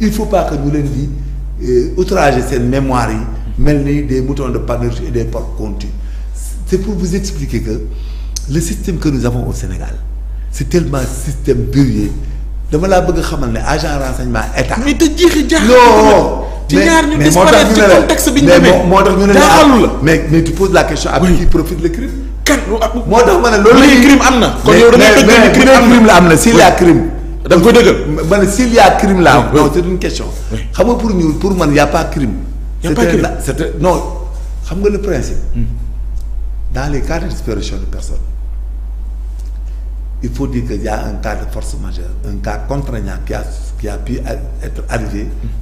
il faut pas que ñu leen di euh, outrager seen mémoire yi mel ni des moutons de Panurge et des porcs confits c'est pour vous expliquer que le système que nous avons au Sénégal c'est tellement système burier dama laa bëgg a xamal ne agent renseignement état. mais te jiixi jaaxal non ci ñaar ñu disparaître ci contexte bi ñu la mais mais tu poses la crime. kan moo tax ma ne loolu. léegi crime am na. kon yow da ngay dëgg crime am na si la crime. da nga koy dëggal xam nga pour ñun pour man y a pas crime y a xam nga le principe hmm. dans les cas de disparition de personnes il faut dire que y a un cas de force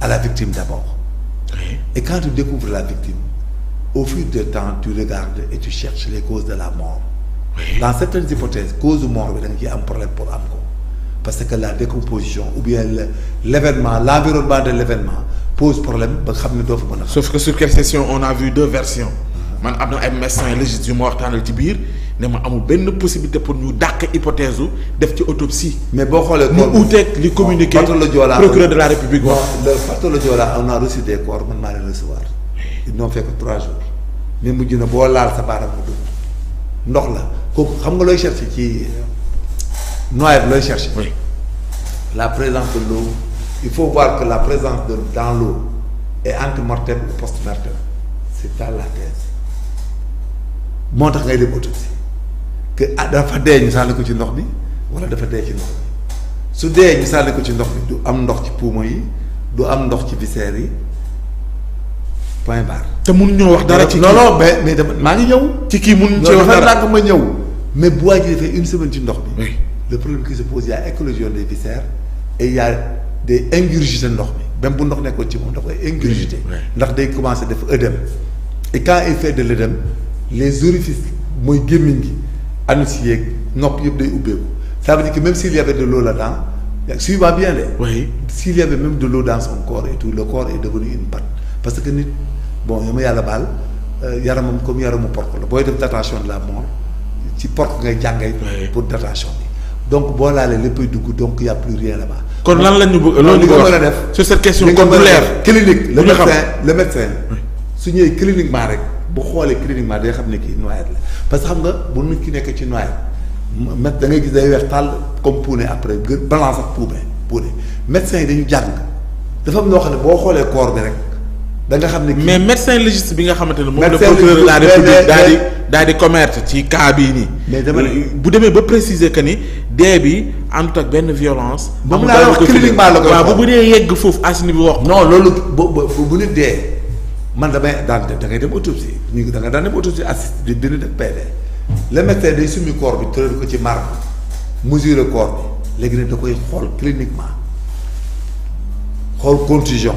la victime d'abord et quand tu découvres du temps de la mort dans certaines hypothèses bi da nga am problème pour am ko parce que la décomposition ou bien l'événement l'environnement de l'événement pose problème ba xam ne doo fa mën a. sauf que sur quelle session on a vu deux versions. man am na ay médecins légistes yu ma waxtaanal ci biir ne ma amul benn possibilité pour ñu dàq hypothèse u def ci autopsie. mais boo xoolee. mu uuteeg li communiqué. procureur de la république wax. le Fatou Joola on a reçu des corps man maa leen recevoir. ils n'ont fait trois jours. mais mujj na boo laal sa baaraam mu ndox la xam nga looy chercher ci. noyade looy chercher. oui la présence de l'eau il faut voir que la présence de dans l'eau est antemortem ou postmortem c'est ça la thèse moo tax ngay dem autopsie que ah dafa dee ko ci ndox bi wala dafa dee su dee ñu ko ci ndox bi am ndox ci poumon yi du am ndox ci viscères yi point barre. te mënuñoo wax dara ci. non mais mais dama maa ngi ñëw. ci kii mënuñu cee wax dara ma ñëw. mais bu waaj defee une semaine ci ndox bi. le problème qui se pose il y a éclosion des viscères et il y ndox mi même bu ndox nekkoon ci moom da koy ingurgité ndax day commencé def œdème et quand il fait de l'œdème les orifices mooy gémmiñ gi anus yeeg nopp yëpp day ubbeeku ça veut dire que même de l'eau là-dedans suivant bien de oui s'il y avait de l'eau dans son corps et tout le corps parce que nit bon yama yàlla baal euh, yaramam comme yaramu porc la booy def datation la mort ci porc ngay jàngay pour datation bi donc boo laalee lépp dugg donc y' a plus rien là-bas. kon lan la ñu bëgg loolu li nga mën a def sur cette question kon du leer clinique la médecin le médecin su ñëwee cliniquement rek bu xoolee cliniquement day xam ne kii noyade la parce que xam nga bu nit ki nekk ci noyade met da ngay gis day weex tàll comme puune après gën balance ak puune puune médecin yi dañu jàng dafa am noo xam ne boo xoolee corps bi rek. da nga xam ne mais médecin légiste bi nga xamante ne moom la procureur de daal di daal commerce ci cas bii nii. mais dama bu demee ba préciser que ni dee bi àndut ak benn violence. moom laa wax cliniquement la koy wax yegg foofu à ce niveau wax. non loolu bu bu nit dee man damay daan da ngay dem autopsie ñu da nga daan dem autopsie assiste di dina def PV. le médecin day summi corps bi tëral ko ci marbre mesurer corps bi léegi nag da koy xool cliniquement xool contusion.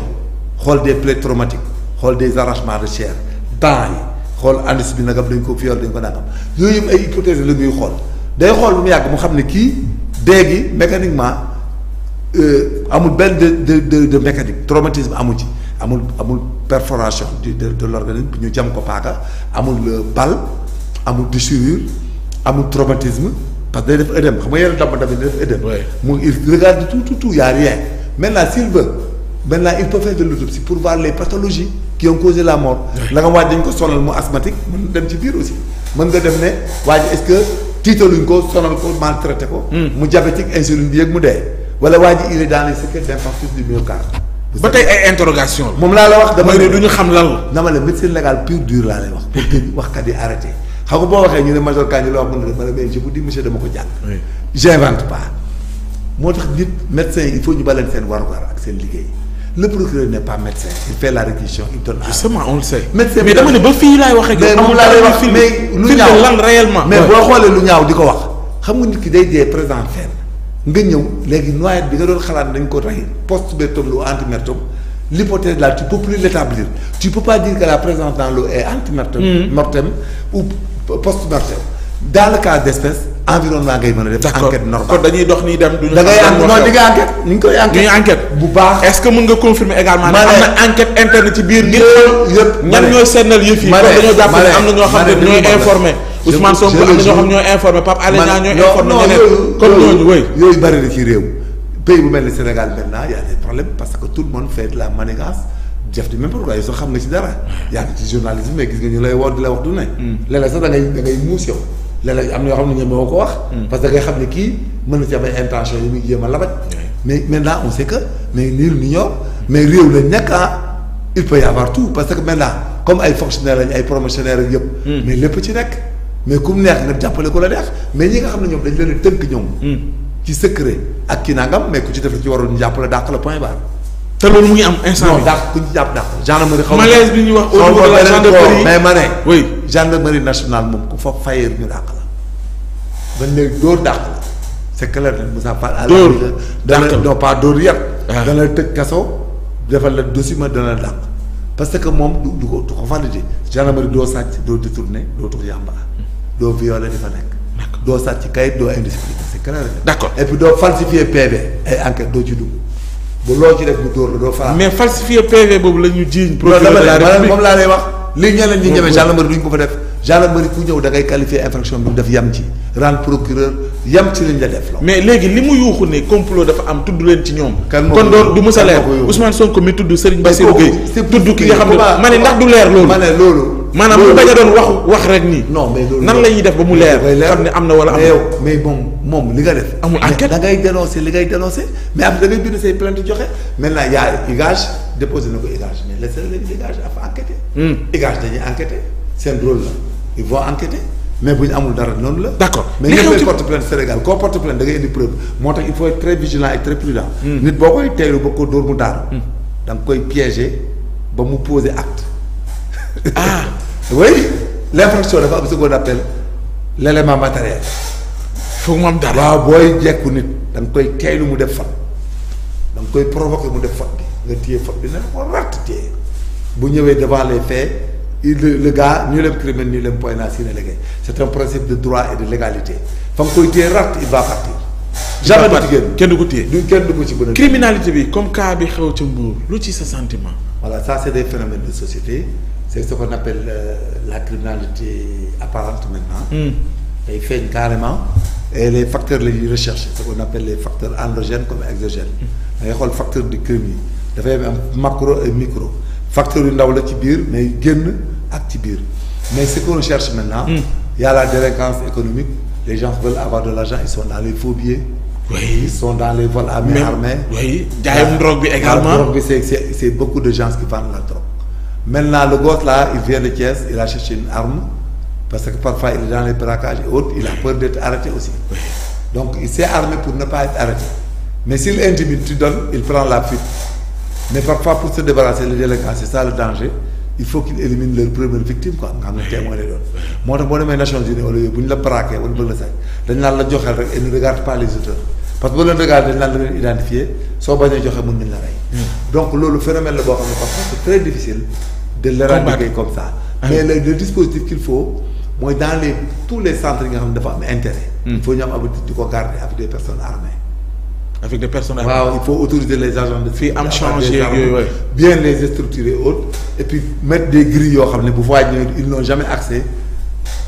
xool des plaies traumatiques xool des arrachements de chair dents yi xool anus bi nagam dañ ko fiyoor dañ ko nangam yooyu yëpp ay hypothèse la ñuy xool day xool lu mu yàgg mu xam ne kii dee gi mécaniquement euh, amul benn de de de de mécanique traumatisme amu ci amul amul perforation de de de l'organisme ñu jam ko paaka amul euh, balle amul déchirure amul traumatisme parce que day def œdème xam nga yeneen dama tamit day def œdème. mu il regarde tout tout tout y a rien maintenant s'il veut benn il peut faire de l'autopsie pour voir les pathologies qui ont causé la mort la waaj dañ ko sonal mu asthmatique mën dem ci biir aussi mën nga dem ne waaj est-ce que tiitaluñ ko sonal ko maltraité ko hmm. mu diabétique insuline bi yëg mu dee wala waaj il est dans les secrets d'infarctus du ba tey ay interrogation moom laa la wax dama ne du ñu xam lan la dama la dure laa lay wax pour que waxkat yi arrêté xam boo waxee ñu ne major Kandji la wax mën na def ma ne mais je moo tax nit médecin il faut ñu baleen seen war ak seen liggéey le procureur n'est pas médecin il fait la réquisition il donne. justement on médecin mais dama ne ba fii laay wax ak yow. mais lu ñaaw lan réellement. mais boo xoolee lu ñaaw di ko wax. xam nga nit ki day dee présent fenn nga ñëw léegi noyade bi nga doon xalaat dañ ko rey post-mortem ou antemertum l'hypothèse la tu peux plus l'établir tu peux pas dire que la présence dans l'eau est antemertum mm. mortem ou post-mortem dans cas d'espèce environnement ngay mën a def. d'accord enquête normale kon dañuy dox nii dem. duñu da ngay am non di ni ngi koy enquête. ñu ngi enquête bu baax. est-ce que mën nga confirmer également. ma na enquête ñoo xam ne ñooy informé. Ousmane Sonko am ñooy informé Pape ñooy yooyu bari ci réew pays bu mel ni Sénégal maintenant y a des problèmes parce que tout le monde fait de la manigance di même pourquoi yow sax xam nga ci dara hmm. yaa ngi ci journalisme gis nga ñu lay woo di la wax ne hmm. léeg sax da léeg am na ñoom moo ko wax. Hmm. parce que da ngay xam ne kii mën na ci am ay intention yu muy jéem a labat. mais maintenant on sait que mais nii lu ñor mais réew la nekk ah il peut y avoir tout parce que maintenant comme ay fonctionnaires lañ ay promotionnaires ak hmm. mais lépp ci nekk. mais ku neex nga jàppale ko la neex mais ñi nga xam ne ñoom dañ leen tënk ñoom. Hmm. ci secret ak ki nangam mais ku ci def ci waroon ñu jàppale dàq la point barre. te loolu mu ngi am instant bi dàq ku ñu jàpp dàq. gendarmerie xaw ma malaise bi gendarmerie nationale moom ku fa fayeer ñu dàq la ba léegi dóor dàq la c'est clair nag Moussa Fall à dóor dana non pas dóor yar ah. dana tëj kaso defal la dossier dana dàq parce que moom du du ko du ko valider gendarmerie doo sàcc doo détourné doo tux yàmba doo violé di fa nekk doo sàcc kayit doo indiscipline c'est clair d'accord et doo falsifier la doo fara mais falsifier PV boobu la jiiñ procureur de la moom laa lay wax li ñeneen ñi ñeme gendarmerie duñ ko fa def gendarmerie ku ñëw da qualifier infraction bi def yam ci rendre procureur yam ci liñ la def mais léegi li mu yuuxu ne complot dafa am tudd leen ci ñoom kon doon du mës a leer Ousmane Sonko mi tudd Serigne Bassirou Gueye tudd ki nga xam ne ma ne ndax du leer loolu ma ne loolu maanaam mu bañ a doon wax wax rek nii non nan la ñuy def ba mu leer xam ne am na wala am mais moom moom li nga def amul enquête da ngay dénoncer li ngay dénoncer mais am da ngay bind say plainte joxe déposé na ko IGAJ mais laissez léegi IGAJ dafa enquêté. IGAJ hmm. dañuy enquêté seen rôle la ils vont enquêter mais bu ñu amul dara noonu la. d' accord mais ñëpp porte plainte Sénégal koo porte plainte da ngay indi preuve moo tax il faut être très vigilant et très prudent. Hmm. nit boo koy teelu ba ko dóor mu daaru hmm. da nga koy piéger ba mu poser acte. ah oui am ce qu'on appelle l' élément matériel. waaw booy jekku nit da nga koy teelu mu def fat da koy provoquer mu def fat nga téye fab bi ne ko ratt téye bu ñëwee devant les faits le gars ñu leen criminel ñu leen point naa si ne léegi c'est un principe de droit et de légalité fa nga koy téye ratt il va partir jamais du génn kenn du ko téye du kenn ko ci bën criminalité bi comme cas bi xew ca Mbour lu ci sa sentiment wala ça c'est des phénomènes de société c'est ce qu'on appelle euh, la criminalité apparente maintenant hmm. day feeñ carrément et les facteurs la ñuy rechercher ce qu'on appelle les facteurs endogènes comme exogènes hmm. da facteur du crime yi dafay am macro micro facteur yu ndaw la ci biir mais génn ak ci biir mais ce qu'on cherche maintenant. Hmm. y a la délinquance économique les gens veulent avoir de l'argent ils sont dans les faux billets. oui ils sont dans les vols à main armée. oui jaayam drogue bi également drogue bi c'est c'est beaucoup de gens qui vendent la drogue. maintenant le gosse là il vient de Thiès il a cherché une arme parce que parfois il dans les braquages et il a peur d'être arrêté aussi. donc il s'est armé pour ne pas mais s'il intimide tu donnes il la fuite. mais fa pour se débarrasser les délinquants c'est ça danger il faut qu'ils éliminent leur première victime quoi nga xam ne témoin lay doon moo tax boo demee Nations Unies wala yooyu bu ñu la braqué wala bëgg la sax dañ naan la joxeel rek et ne regarde les auteurs parce que boo leen regarde dañ naan la leen identifier soo bañee joxe mën nañ la rey hmm. donc loolu phénomène la boo xam ne parfois c'est très difficile de l'éradiquer comme ça ah mooy dans les les centres yi nga xam ne dafa am intérêt hmm. il avec des personnes. waaw il faut autoriser les agents de. fii am changé yooyu bien les structurer autres et puis mettre des grilles yoo xam ne bu faa ñëwee ils n'ont jamais accès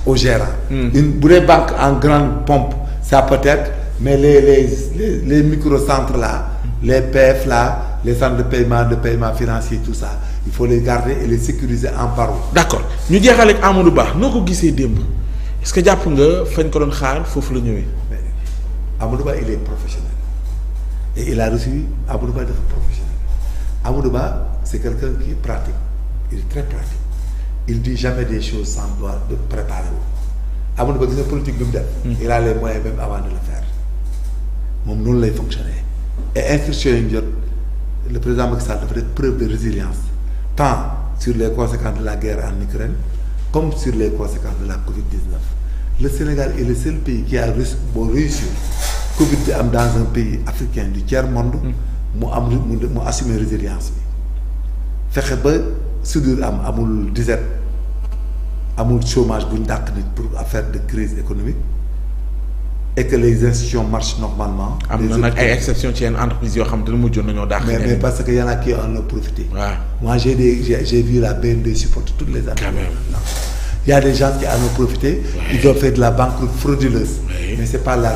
au gérant. Hmm. bu dee banque en grande pompe ça peut être mais les les les les microcentres là. les PF là les centres de paiement de paiement financier tout ça il faut les garder et les sécuriser en barreau. d'accord ñu jeexal ak Amadou Ba noo ko gisee démb est que jàpp nga fañ ko doon xaar foofu la ñëwee. Amadou Ba il et il a reçu Amadou Ba dafa professionnel Amadou Ba c'est quelqu'un qui pratique il est très pratique il dit jamais des choses sans doit de préparer wu Amadou Ba gis nga politique bi mu def mm. il a les moyens même avant de le faire moom noonu lay fonctionner et instruction yi mu le président Macky Sall dafa def preuve de résilience tant sur les conséquences de la guerre en Ukraine comme sur les conséquences de la Covid-19 le Sénégal est le seul pays Covid bi am dans un pays africain du tiers monde. Mm. mu am mu mu assumer résilience bi fexe ba soudure am amul disette amul chômage bu ñu dàq nit pour affaire de crise économique et que les institutions marchent normalement. am na nag ay exceptions ci yenn entreprises yoo xam te mu mujjoon nañoo dàq. mais mais parce que y en a qui en ont profité. waaw moi j'ai des j'ai j'ai vu la BND supporter toutes les entreprises. quand même il gens qui en ont profité. ils ont la banque frauduleuse. mais c'est pas la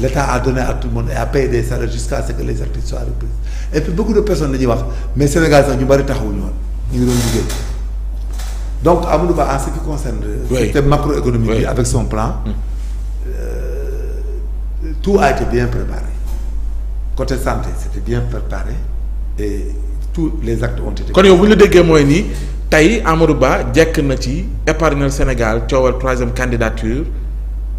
l'État a donné à tout le monde a payé des salaires jusqu'à ce que les activités soient reprises et puis beaucoup de personnes dañuy wax mais Sénégal sax ñu bari taxawuñu woon ñu doon liggéey donc Amadou Ba en ce qui concerne euh, le secteur macroéconomique bi oui. avec son mm. euh, bien préparé côté santé c'était bien préparé et tout les actes ont été kon yow bu ñu déggee mooy nii tey Amadou Ba jekk na ci épargnel Sénégal coowal troisième candidature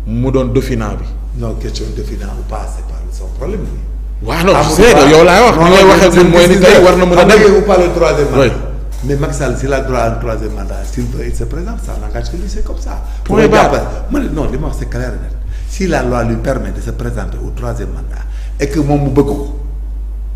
mu doon dauphinat bi non question de finance ou pas c'est pas son problème. waaw non yow laay wax. non non mooy war na mën a dem ou pas le troisième mandat. mais a droit à un troisième mandat s'il si la loi lui permet de se présenter au troisième mandat et moom mu bëgg ko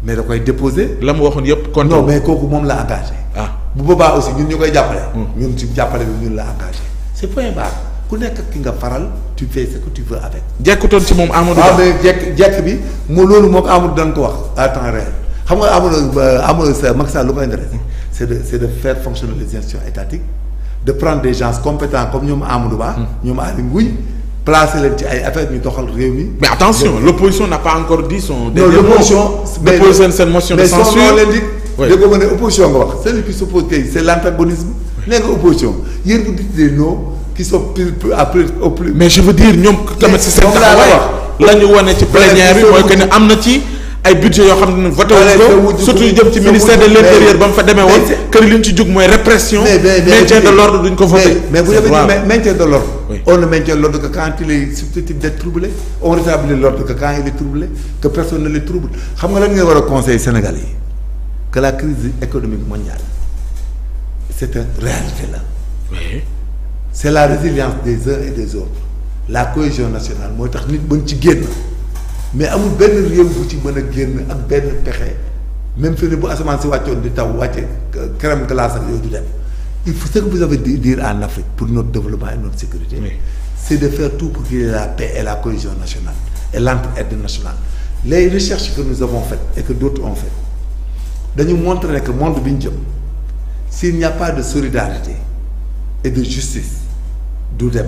mais da koy déposer. la mu waxoon yëpp kon non mais kooku moom la engagé. ah bu boobaa aussi ñun ñu koy jàppale. Hmm. ñun ci jàppale bi ñun la engagé c'est point barre. ku nekk ki nga faral tu fais ce que tu veux avec. jekkutoon ci moom Amadou Ba jekk jekk bi mu loolu moom Amadou da nga ko wax à temps réel xam nga Amadou euh, Amadou sa Macky Sall lu ko intéressé c' est de c' de faire fonctionner les de prendre des gens compétents comme ñoom Amadou Ba. Hmm. ñoom Aly Ngouille placer leen ci ay affaires ñu doxal réew mi. mais attention l' opposition n' a pas encore dit son. dernier mot de censure mais son nom di. oui déggoo ma qui sont plus mais je veux dire ñoom. tamit si seen taxawaay la ñu ci plénière bi mooy que ne am na ci. ay budget yoo xam ne voté wuñ ko surtout jëm ci ministère de l'intérieur ba mu fa demee woon kër li ñu ci jug mooy répression maintien de l'ordre duñ ko voté mais vous avez dit maintien de l'ordre on ne maintient l'ordre que quand il est susceptible d'être troublé on rétablit l'ordre que trouble xam nga lan ngay war a conseil Sénégal yi que la crise économique mondiale c'est une réalité c'est la résilience des uns et des autres la cohésion nationale moo tax nit mën ci génn mais amul benn réew bu ci mën a génn ak benn pexe même fi ne bu asamaan si wàccoon di taw wàcce euh, crème glace ak yooyu du dem il faut ce que vous avez di dire en Afrique pour notre développement et notre sécurité oui. c'est de faire tout pour qu'il la paix et la cohésion nationale et l'entraide nationale les recherches que nous avons et que d'autres ont faites dañu montrer que monde bi ñu jëm s'il n'y a de solidarité et de justice du dem.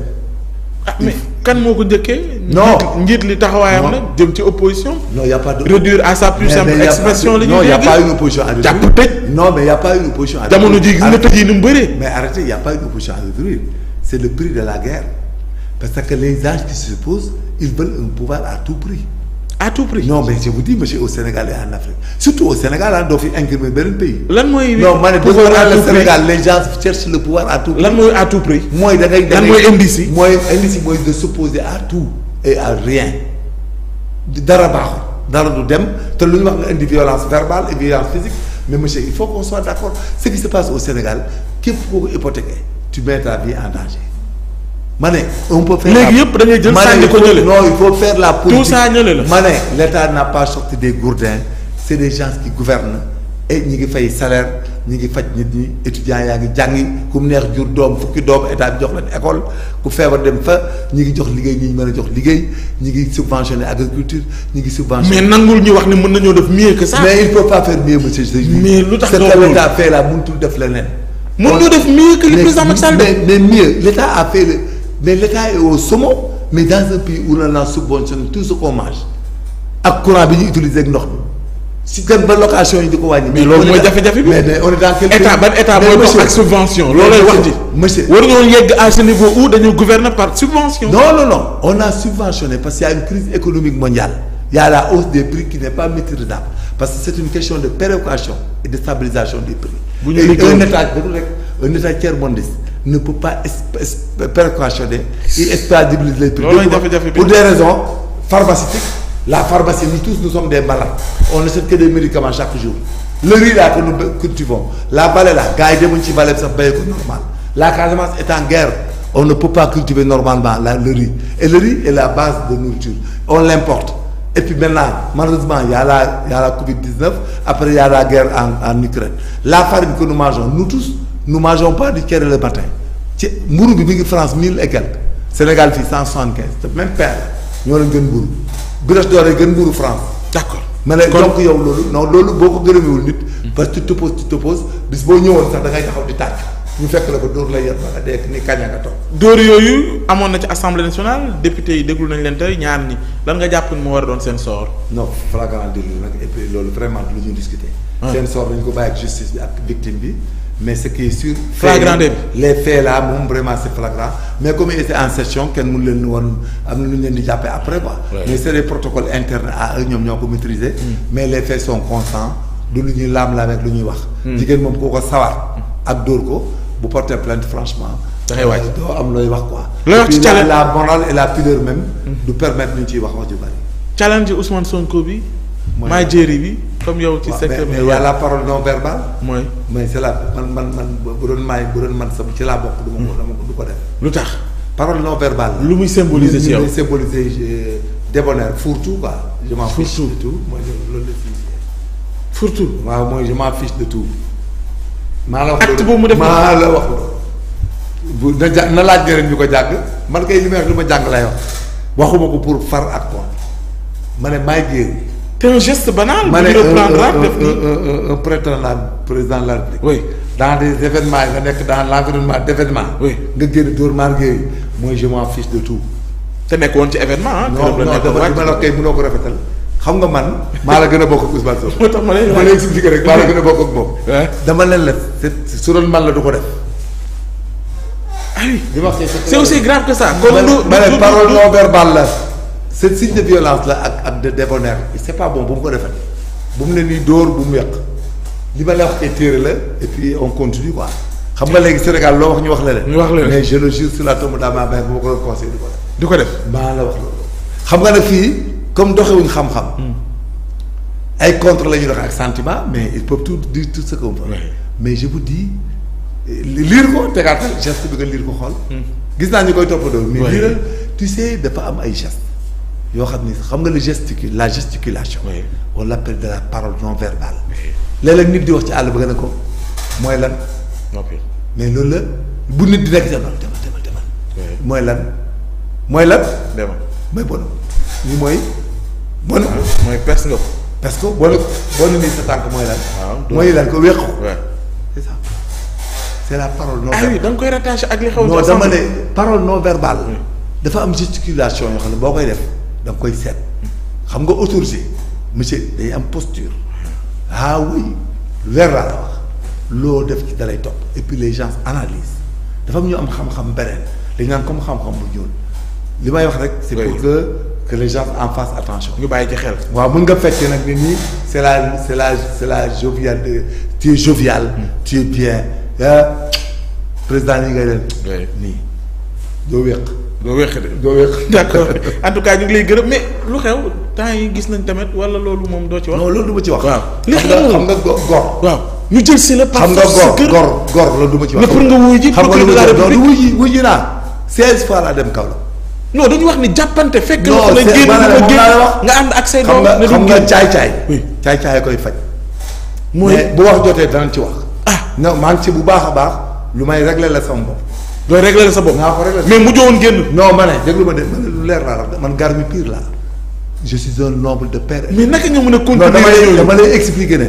ah mais kan moo ko njëkkee. non njiit li taxawaayam nag jëm ci opposition. non y' a pas de réduire à sa plus simple expression la ñuy dégg non y' a pas une opposition à réduire. non mais y' jamono ji gis nga mais arrêtez y' a pas une opposition à réduire c' le prix de la guerre parce que les gens qui se posent ils veulent un pouvoir à tout prix. à tout prix. non mais je vous dis monsieur au Sénégal et en Afrique surtout au Sénégal doo fi incriminer beneen pays. lan mooy non ma ne pouvoir à mooy à tout prix. mooy de s'opposer à et à rien dara baaxul dara du dem te lu ñu wax nga indi violence verbale et violence physique mais monsieur il faut qu'on soit d'accord ce qui se passe au Sénégal képp koo ko hypothéqué tu mets ta vie en danger. ma ne on peut faire yëpp da ngay jël sànni la politique tout ça l' état n'a pas sorti des gourdins c' est des gens qui gouvernent et ñi ngi fay salaire ñi ngi faj nit ñi étudiants yaa ngi jàngi ku mu neex jur doom fukki doom état bi jox leen école ku feebar dem fa ñi ngi jox liggéey ñi ñu mën a jox liggéey ñi ngi subventionné agriculture ñi ngi subventionné. mais nangul ñu wax ne mën nañoo def mieux que mais il faut pas faire mieux monsieur Seydou. mais lu tax loolu c' est état def leneen. mënuñoo def mieux que le président mais l'État est au sommet mais dans un pays où l'on subventionne tout ce qu'on mange ak courant bi ñu utiliser ak ndox mi si dem ba location yi di ko wàññi. mais loolu mooy jafe-jafe bi mais on est dans quel état ban état mooy dox ak subvention. loolu lay wax ji monsieur war ñoo yegg à ce niveau où dañu gouverner par subvention. non non non on a subventionné parce qu'il y a une crise économique mondiale il y a la hausse des prix qui n'est pas maîtrisable parce que c'est une question de péréquation et de stabilisation des prix. bu ñu un état rek un état tiers-mondiste ne peut pas perquisitionner il stabilise les prix pour des raisons pharmaceutiques la pharmacie nous tous nous sommes des malades on n'achète que des médicaments chaque jour le riz là que nous cultivons la bale là gars yi ci bale bi sax béy ko normal la Casamance est en guerre on ne peut pas cultiver normalement la le et le est la base de nourriture on l'importe et puis maintenant malheureusement y la y a la Covid 19 après y la guerre en en nous mangeons pas du cere le matin ci mburu bi mi ngi France mille et quelques Sénégal fii cent soixante quinze te même pain la ñoo leen gën mburu brioche dorée gën mburu France. d'accord ma ne donc yow loolu non loolu boo ko gërëmewul nit. parce que tu te poses tu bis boo ñëwoon sax da ngay taxaw di tàcc. ñu fekk la ba dóor lay yor ba nga dekk ni kaña nga toog. dóor yooyu amoon na ci assemblée nationale député yi déglu nañ leen tey ñaar ni lan nga jàpp moo a doon seen sort. non flagrant délit loolu vraiment lu ñu discuter. seen sort dañ ko bàyyi ak mais ce qui est sûr. flagrant de bi les moom vraiment c' est mais comme il était en session kenn mënu leen woon am lu leen di jàppee après quoi. mais c' est des protocoles internes ñoom ñoo ko maîtriser. Mm. mais les faits sont constants du lu ñuy laam-laam ak lu ñuy wax. Mm. jigéen moom koo ko sawar. Mm. ak dóor ko bu porter plainte franchement. dafay wàcc euh, doo am looy wax quoi. looy wax ci challenge la morale et la pudeur même. du permettre ñu ciy wax wax ju bari. challenge bi. maa jéeri bi comme yow ci la parole non verbale mooy mais c'est man man man bu doon man sama ci laa bokk duma ko hmm. dama du lu tax parole non verbale lu muy symboliser ci yow lu muy symboliser débonnaire fourre-tout quoi je m'en fiche de tout mooy loolu la fourre-tout waaw wax acte boobu mu def maa la wax bu na ja na laaj njëriñ bi ko jàgg man kay li may wax lu ma jàng lay waxuma ko pour far ak ko ma ne maay jéeri c'est un geste banal. ma ne un un prétendant président de la République. oui dans des événements nga nekk dans l'environnement d'événement. oui nga génn dóor maar yooyu mooy je m'en fiche de tout. te nekk woon ci événement ah. non non dama di ma la koy mënoo ko rafetal. xam nga man maa la gën a bokk ak Ousmane Sow. moo tax ma lay ma lay expliquer rek maa la gën a bokk ak moom. dama leen la su doon man la du ko def. ah oui. li ma c'est aussi grave que ça. comme parole non verbale la. ce signe de violence la ak ak de débonnaire c'est pas bon bu mu ko defee bu mu ne nii bu mu yàq li ma la wax ay téere la et puis on continue quoi xam nga léegi Sénégal loo wax ñu wax la leen. wax leen mais je le la tombe d'Amama Mbaye bu ma ko doon di ko def. maa la wax loolu. xam nga nag fii comme doxewuñ xam-xam. Hmm. ay contre la ñuy dox ak sentiment mais ils peuvent tout dire tout ce qu'on veut. mais je vous dis liir ko tegaatal geste bi nga liir ko xool. Hmm. gis naa ñu koy toppandoo. mais liiral tu sais dafa am ay gestes. yoo xam ni xam nga le gesticule la gesticulation. oui on l'appelle de la parole non verbale. léeg-léeg nit di wax ci àll ba nga ne ko mooy lan. noppi mais loolu la bu nit di nekk demal demal demal. mooy lan mooy lan. demal mooy bon ah, ni mooy. parce que boo boo nee sa tànk mooy lan. waaw ah, mooy lan ko wéq ko. la parole non. Ah verbale koy rattaché ak li xew. non dama ne parole dafa am gesticulation yoo xam ne boo koy def. da nga koy seet xam nga autorité monsieur day am posture ah oui weer laa la wax loo def ci dalay topp et puis les gens analysent dafa am ñu am xam-xam beneen dañ naan comme xam-xam bu ñuul li may wax rek. si pour que que les gens en fassent attention. ñu bàyyi ci xel. waaw mën nga fekkee nag ni nii c'est la c'est la c'est la jovial tu es jovial. Hmm. tu bien ah, président yi nga leen. nii doo wéq. doo weq de doo weq d' accord en tout ñu ngi lay gërëm mais lu xew temps yi gis nañ tamit wala loolu moom doo ci wax. non loolu du ma ci wax. waaw li xew xam nga gor. waaw ñu xam nga gor gor gor loolu du ma ci wax. mais pour nga wuyu ji procureur la république wuyu ji wuyu ji naa seize fois laa dem wax ni jàppante fekk. non c' est maanaam moom laa wax ak say doom. ne du xam nga caay caay. caay caay koy faj. mooy bu wax jotee danañ ci wax. ah non maa ci bu baax a baax lu may régler la sama bopp doo réglé sa bopp. naa ko réglé mais mujjee woon génn. non ma ne déglu ma de man lu leer laa wax man garmi pire laa. je suis un noble de père. mais naka nga mën a continuer non dama lay expliquer ne.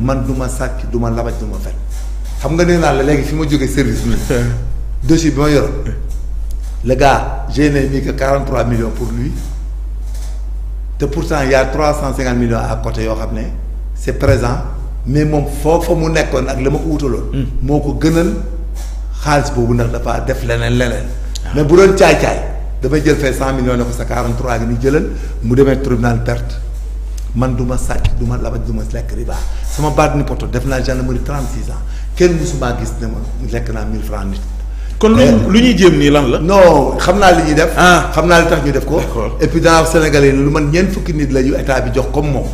man du ma sàcc du ma labaj du ma xam nga nee naa la léegi fi ma jógee service bi. dossier bi ma yoroon. le gars j'ai mis que 43 millions pour lui te pourtant il y a 350 millions à côté yoo xam ne c'est présent mais moom foofa mu nekkoon ak la ma ko wutaloon. Hmm. moo ko gënal. xaalis boobu ndax dafa def leneen leneen. Ah. mais bu doon caay-caay damay jël fee cent millions ne ko sa 43 gi ñu jëlal mu demee tribunal perte man du ma sàcc du ma labaj du ma lekk riba sama baat ni poto def naa gendarmerie 36 ans kenn mësumaa gis ne ma lekk naa 1000 francs nit. kon lu ñu jéem nii lan la. non xam naa li ñuy def. Ah. xam naa li tax ñu def ko. et puis dans Sénégalais lu man ñeent fukki nit la yu état bi jox comme moom.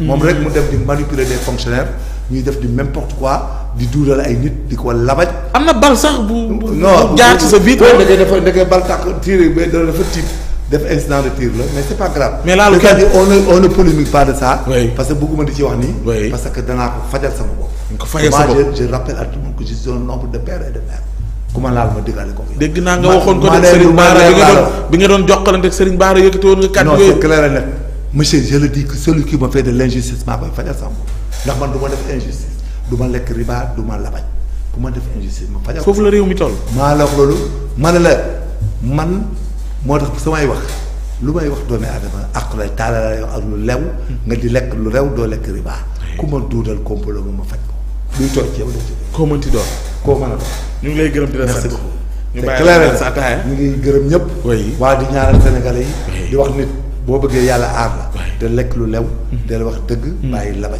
Hmm. moom rek mu def di manipuler des fonctionnaires ñuy def du n'importe quoi. di duural ay nit di ko labaj. am na bal sax bu. non jaar ci sa biir. da ngay def da ngay bal dafa tiit def incident de la mais c'est pas grave. mais laal ma diggaale ko. dégg naa nga waxoon ko de Serigne Bara bi nga doon bi nga doon jokkalante ak Serigne net monsieur je le dis que celui qui m'a fait de l'injustice maa koy fajal sama ndax man du ma def injustice du ma lekk riba du ma labaj ku ma def injustice ma fajal foofu la réew mi toll. maa la wax loolu ma la man moo tax samay wax lu may wax doomi aadama àq lay taalala yow ak lu lew nga di lekk lu rew doo lekk riba ku ma duudal complot ma ma faj ko luy toog ci yow def ci koo mënti koo mën a doon ñu ngi lay gërëm di la sant ñu ngi gërëm ñëpp waa di ñaanal sénégalais yi di wax nit boo bëggee yàlla aar la da lekk lu lew mm. del wax mm.